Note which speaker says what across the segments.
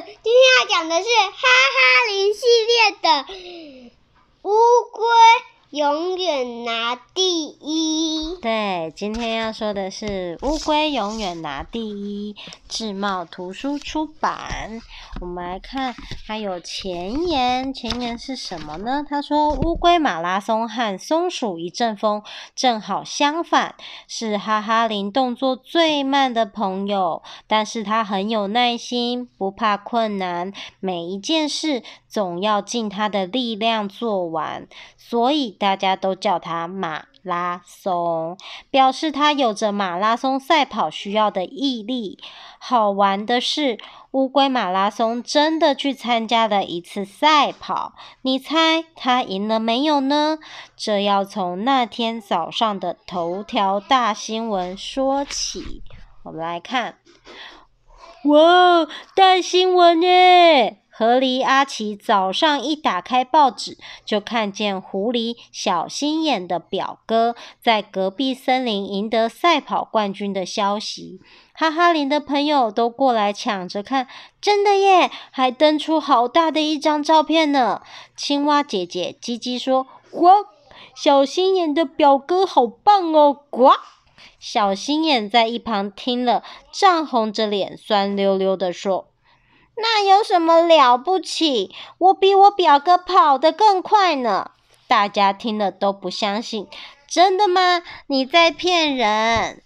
Speaker 1: 今天要講的是哈哈林系列的烏龜。永遠拿第一。對，今天要說的是烏龜永遠拿第一。智茂圖書出版，我們來看，還有前言。前言是什麼呢？他說，烏龜馬拉松和松鼠一陣風正好相反，是哈哈林動作最慢的朋友，但是他很有耐心，不怕困難，每一件事總要盡他的力量做完，所以。大家都叫它馬拉松，表示它有着馬拉松賽跑需要的毅力。好玩的是，烏龜馬拉松真的去參加了一次賽跑。你猜他贏了沒有呢？這要從那天早上的頭條大新聞說起。我們來看。哇，大新聞耶！河狸阿奇早上一打開報紙，就看見狐狸小心眼的表哥在隔壁森林贏得賽跑冠軍的消息。哈哈林的朋友都過來搶着看，真的耶！還登出好大的一張照片呢。青蛙姐姐嘰嘰說：“呱，小心眼的表哥好棒哦！”呱，小心眼在一旁聽了，漲紅着臉，酸溜溜地說。那有什麼了不起？我比我表哥跑得更快呢！大家聽了都不相信，真的嗎？你在騙人！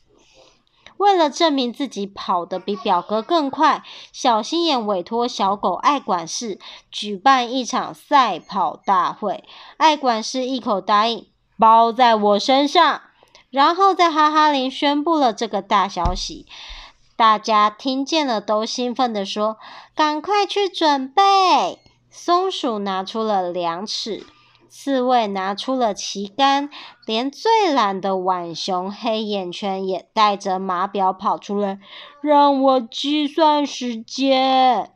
Speaker 1: 為了證明自己跑得比表哥更快，小心眼委托小狗愛管事舉辦一場賽跑大會。愛管事一口答應，包在我身上。然後在哈哈林宣布了這個大消息。大家聽見了，都興奮地說：“趕快去準備！”松鼠拿出了量尺，刺蝟拿出了旗杆，連最懶的浣熊黑眼圈也帶着碼表跑出來，讓我計算時間。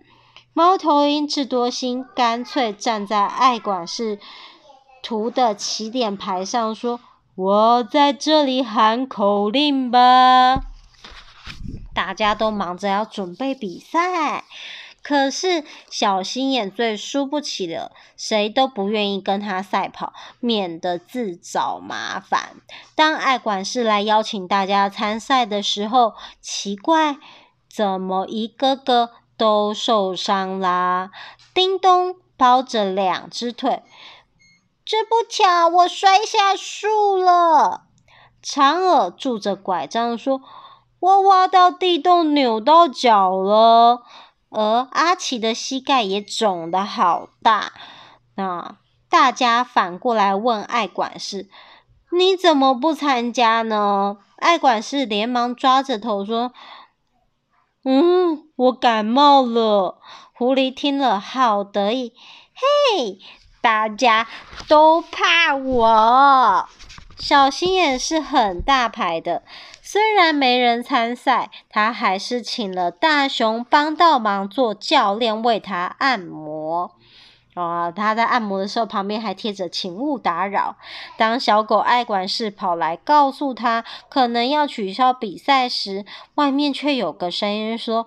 Speaker 1: 貓頭鷹智多星乾脆站在愛管事圖的起點牌上，說：“我在這裡喊口令吧。”大家都忙着要準備比賽，可是小心眼最輸不起了，誰都不願意跟他賽跑，免得自找麻煩。當愛管事來邀請大家參賽的時候，奇怪，怎麼一個個都受傷啦？叮咚，包著兩隻腿。這不巧，我摔下樹了。長耳拄着拐杖說。我挖到地洞，扭到腳了，而阿奇的膝蓋也腫得好大。那、啊、大家反過來問愛管事：“你怎麼不參加呢？”愛管事連忙抓着頭說：“嗯，我感冒了。”狐狸聽了好得意：“嘿，大家都怕我。”小心眼是很大牌的，雖然沒人參賽，他還是請了大熊幫到忙做教練，為他按摩。啊，他在按摩的時候，旁邊還貼着“請勿打擾”。當小狗愛管事跑來告訴他可能要取消比賽時，外面卻有個聲音說：“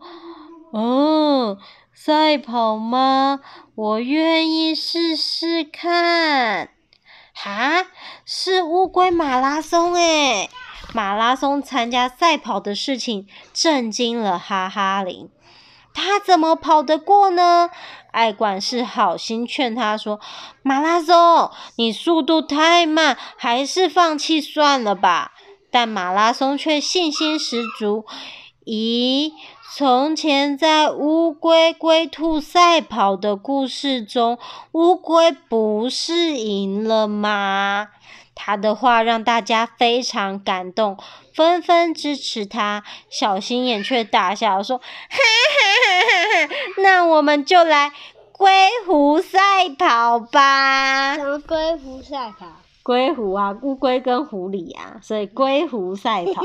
Speaker 1: 嗯，賽跑嗎？我願意試試看。”啊，是烏龜馬拉松哎、欸！馬拉松參加賽跑的事情震驚了哈哈林，他怎麼跑得過呢？愛管事好心勸他說：“馬拉松，你速度太慢，還是放棄算了吧。”但馬拉松卻信心十足。咦？從前，在烏龜龜兔賽跑的故事中，烏龜不是贏了嗎？他的話讓大家非常感動，紛紛支持他。小心眼卻大笑說：“哈哈哈哈，那我們就來龜狐賽跑吧。”什麼龜狐賽跑？龜狐啊，烏龜跟狐狸啊，所以龜狐賽跑。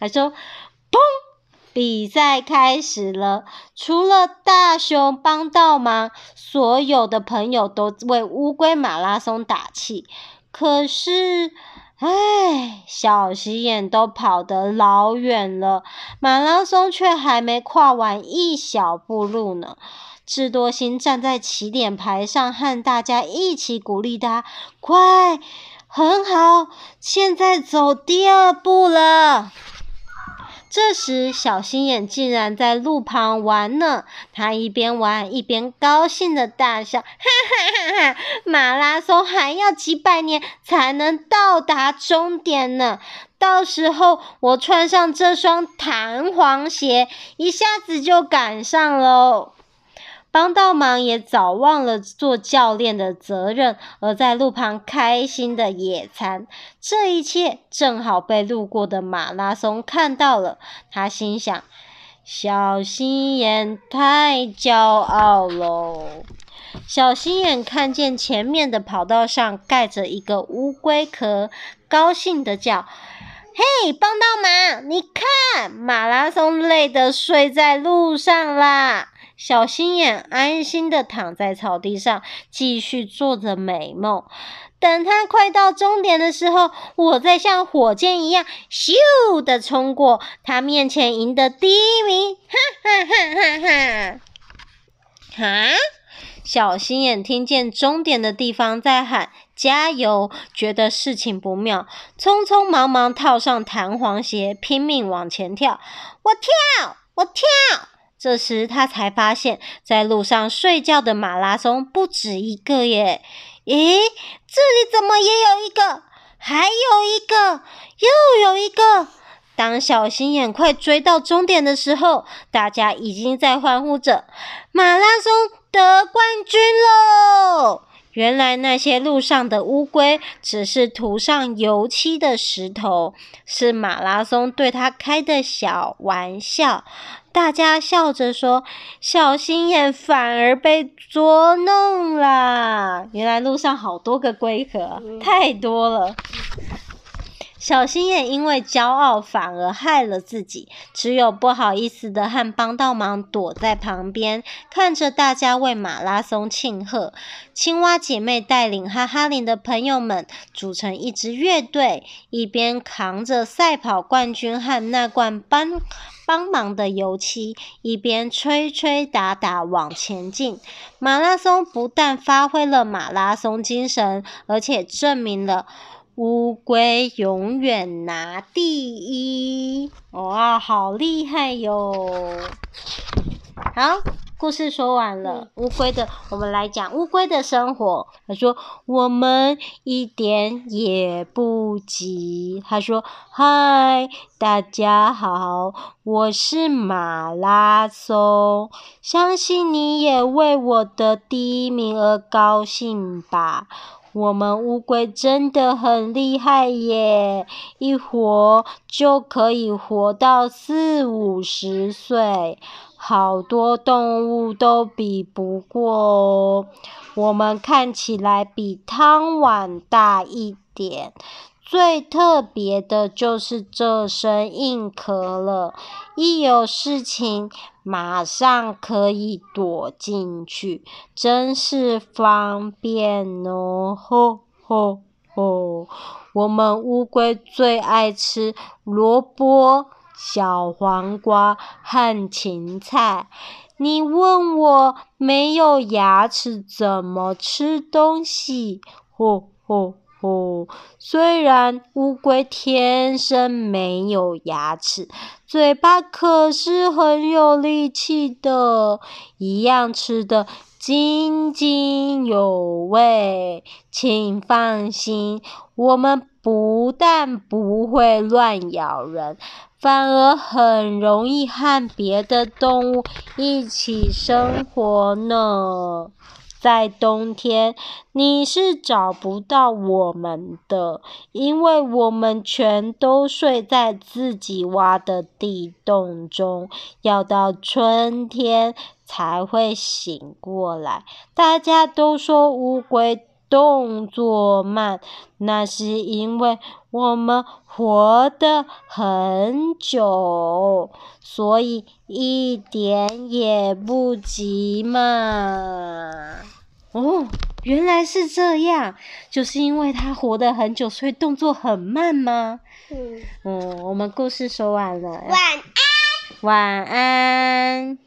Speaker 1: 還 說：“砰！”比賽開始了，除了大熊幫倒忙，所有的朋友都為烏龜馬拉松打氣。可是，唉，小洗眼都跑得老遠了，馬拉松卻還沒跨完一小步路呢。智多星站在起點牌上，和大家一起鼓勵他：快，很好，現在走第二步了。這時，小心眼竟然在路旁玩呢。他一邊玩，一邊高興的大笑，哈哈哈哈！馬拉松還要幾百年才能到達終點呢，到時候我穿上這雙彈簧鞋，一下子就趕上嘍。幫到忙也早忘了做教練的責任，而在路旁開心的野餐。這一切正好被路過的馬拉松看到了。他心想：小心眼太驕傲嘍！小心眼看見前面的跑道上蓋着一個烏龜殼，高興地叫：“嘿，幫到忙！你看，馬拉松累得睡在路上啦！”小心眼安心的躺在草地上，繼續做着美夢。等他快到終點的時候，我再像火箭一樣咻的衝過他面前，贏得第一名！哈哈哈哈哈！啊！小心眼聽見終點的地方在喊加油，覺得事情不妙，匆匆忙忙套上彈簧鞋，拼命往前跳。我跳，我跳。這時，他才發現，在路上睡覺的馬拉松不止一個耶！咦，這裡怎麼也有一個？還有一個，又有一個！當小心眼快追到終點的時候，大家已經在歡呼着：“馬拉松得冠軍嘍！”原來那些路上的烏龜只是塗上油漆的石頭，是馬拉松對他開的小玩笑。大家笑着說：“小心眼反而被捉弄啦！”原來路上好多個龜殼啊，太多了。小新也因為驕傲，反而害了自己。只有不好意思的和幫倒忙，躲在旁邊看着大家為馬拉松慶賀。青蛙姐妹帶領哈哈林的朋友們組成一支樂隊，一邊扛着賽跑冠軍和那罐幫幫忙的油漆，一邊吹吹打打往前進。馬拉松不但發揮了馬拉松精神，而且證明了。烏龜永遠拿第一，哇、哦啊，好厲害喲！好，故事說完了。嗯、烏龜的，我們來講烏龜的生活。他說：“我們一點也不急。”他說：“嗨，大家好，我是馬拉松。相信你也為我的第一名而高興吧。”我們烏龜真的很厲害耶，一活就可以活到四五十歲，好多動物都比不過哦。我們看起來比湯碗大一點。最特別的就是這身硬殼了，一有事情馬上可以躲進去，真是方便哦。呵呵呵，我們烏龜最愛吃蘿蔔、小黃瓜和芹菜。你問我沒有牙齒怎麼吃東西？呵呵。哦，雖然烏龜天生沒有牙齒，嘴巴可是很有力氣的，一樣吃得津津有味。請放心，我們不但不會亂咬人，反而很容易和別的動物一起生活呢。在冬天，你是找不到我們的，因為我們全都睡在自己挖的地洞中，要到春天才會醒過來。大家都說烏龜。動作慢，那是因為我們活的很久，所以一點也不急嘛。哦，原來是這樣，就是因為他活的很久，所以動作很慢嗎？嗯，嗯，我們故事說完了。晚安，晚安。